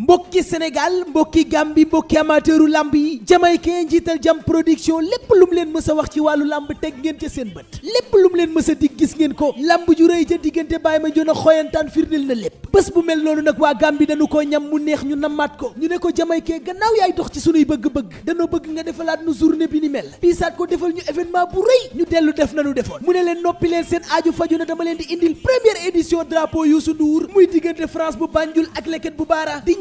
mbokki Sénégal mbokki Gambie mbokki amateuru lamb yi jamaykee njiital jam production lépp lum leen mës a wax ci wàllu lamb teg ngeen ca seen bët lépp lum leen mës a dig gis ngeen ko lamb ju rëy ca diggante bàyyi ma joon a xooyantaan firndil lépp bés bu mel noonu nag waa Gambie dañu koo ñam mu neex ñu namaat ko ñu ne ko jamaykee gannaaw yaay dox ci sunuy bëgg-bëgg danoo bëgg nga defalaat nu journée bi ni mel piisaat ko defal ñu événement bu rëy ñu dellu def nanu defoon mu ne leen noppi leen seen aaju faju na dama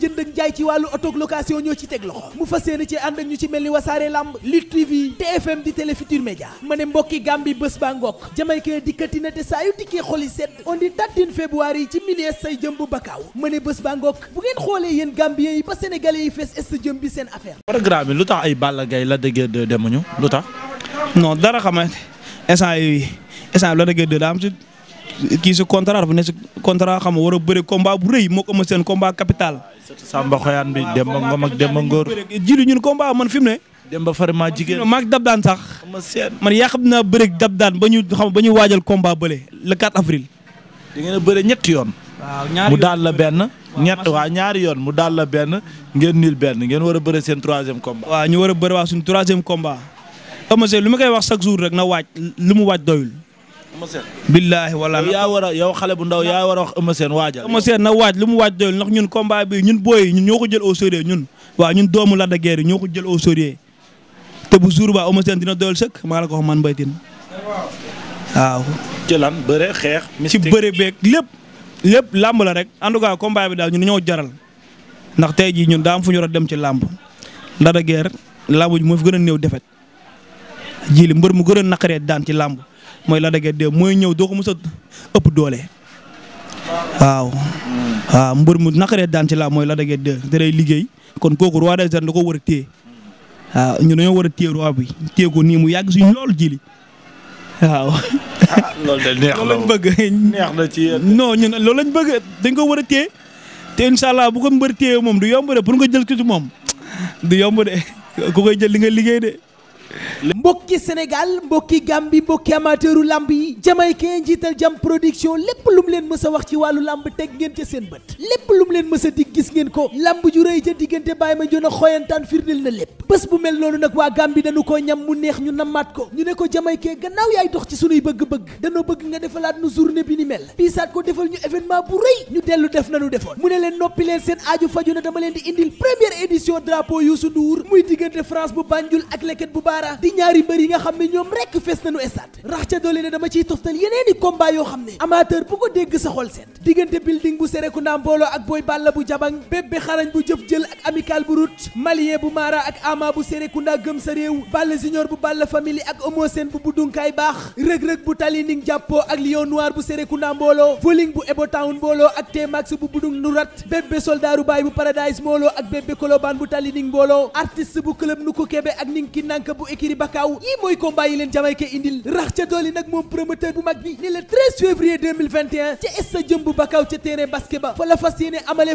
jënd ak jaay ci wàllu auto location ñoo ci teg loxo mu fas yéene ci ànd ñu ci mel ni wasaare lamb Lutte TV TFM di Télé Futurs Médias ma ne mbokki Gambie bés ba ngokk jamaykee dikkati na te saa yu dikkee xoli sedd on dit date février yi ci miliers say jëm bu bakkaaw ma ne bés ba ngokk bu ngeen xoolee yéen Gambien yi ba Sénégalais yi fees est jëm bi seen affaire programme bi lu tax ay Balla Gaye la dëggee de demuñu lu tax non dara xamante instant yi instant la dëggee de daa kii si contrat dafa ne si contrat xam nga war a bëri combat bu rëy moo ko ëmb seen combat capital. Samba Xoyaan bi Demba Ngom ak Demba Ngor. jili ñun combat man fi mu ne. Demba Farima jigéen maag dab daan sax. man yaa xam naa bëri dab daan ba ñu xam ba ñu waajal combat bële le 4 avril. da ngeen bëri ñetti yoon. waaw ñaari mu daal la benn. ñett waaw ñaari yoon mu daal la benn ngeen niil benn ngeen war a bëri seen troisième combat. ñu war a bëri suñu troisième combat. ëmb seen lu ma koy wax chaque jour rek na waaj lu mu waaj doyul billaahi wala yaa war a yow xale bu ndaw yaa war a wax Eumeu Sène waajal na waaj lu mu waaj doyul ndax ñun combat bi ñun booy ñun ñoo ko jël au sérieux ñun waa ñun doomu Lac de Guiers ñoo ko jël au sérieux te bu jour ba Eumeu Sène dina doyal sëkk maa la ko wax man Mbaye Tine waaw ci lan bëre xeex ci bëre lépp lépp làmb la rek en tout cas combat bi daal ñun ñoo jaral ndax tey jii ñun daa am fu ñu a dem ci làmb Lac de Guiers làmb ji moo fu gën a néew defet jii li mbër mu gën a naqaree daan ci làmb mooy Lac de Guiers 2 mooy ñëw doo ko mos a ëpp doole waaw. waaw mbër mu naqaree daan ci laa mooy Lac de liggéey kon kooku roi des arènes da war a téye waaw ñu dañoo war a téye roi bi téye ko nii mu yàgg suñu loolu jili waaw. loolu de neex la bëgg neex na ci non ñun loolu lañ bëgg dañ ko war a téye te incha allah bu ko mbër téye moom du yomb de pour nga jël ko ci moom du yomb de ku koy li mbokki Sénégal mbokki Gambie mbokki amateuru lamb yi jamaykee njiital jam production lépp lu mu leen mës a wax ci wàllu lamb teg ngeen ca seen bët lépp lu leen mës a gis ngeen ko lamb ju rëy ca diggante baay ma jon a xoyantaan firndeel na lépp bés bu mel noonu nag waa Gambie dañu ko ñam mu neex ñu namaat ko ñu ne ko jamaykee gannaaw yaay dox ci sunuy bëgg-bëgg danoo bëgg nga defalaat nu journée bi ni mel piisaat ko defal ñu événement bu rëy ñu dellu defoon mu ne leen noppi leen seen aaju faju leen di indil première édition drapeau Youssou bu baa dara di ñaari mbër yi nga xam ne ñoom rekk fees nañu ca doole ne dama ciy toftal yeneen i combat yoo xam ne amateur bu ko dégg sa xol seet diggante building bu Serekunda mbooloo ak Boy Balla bu jabang bébbe xarañ bu jëf jël ak amical bu rut malien bu maara ak ama bu Serekunda gëm sa réew Balla junior bu Balla family ak Homo Sène bu buddunkaay baax rëg-rëg bu tali ning jàppoo ak lion noir bu Serekunda mbooloo voling bu Ebo Town mbooloo ak T-Max bu budung nurat bébbe soldaru baay bu paradise mbooloo ak bébbe kolobaan bu tali ning mbooloo artiste bu club nu ko kebe ak ning ki nànk bu ékiri bakaaw yi mooy combat yi leen jamayke indil rax ca doole fàttali nag moom promoteur bu mag bi ni le 13 février 2021 ca stade Jëmbu Bakaaw ca terrain basket fa la fas yéene amalee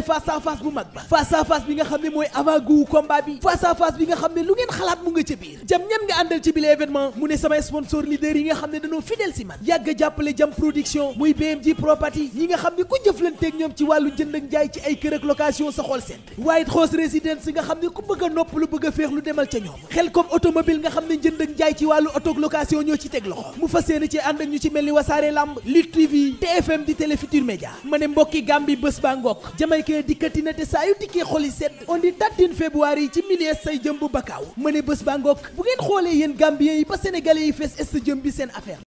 bu mag ba face bi nga xam ne mooy avant goût combat bi face bi nga xam ne lu ngeen xalaat mu nga ca biir jam ñan nga àndal ci bile événement mu ne samay sponsor leaders yi nga xam ne dañoo fidèle si man yàgg a jàppale jam production muy BMG property yi nga xam ne ku jëflanteeg ñoom ci wàllu jënd njaay ci ay kër ak location sa lu bëgg a féex lu demal ca ñoom xel comme automobile nga xam ne fas yéene ci ànd ak ñu ci mel ni wasaare lamb Lutte TV fm di Télé Futurs ma ne mbokki Gambie bés ba ngokk jamaykee dikkati na te saa yu dikkee xoli set on di tattin février yi ci milier say jëm bu bakaaw ma ne bés ba ngokk bu ngeen xoolee yéen Gambien yi ba Sénégalais yi fees est jëm bi seen affaire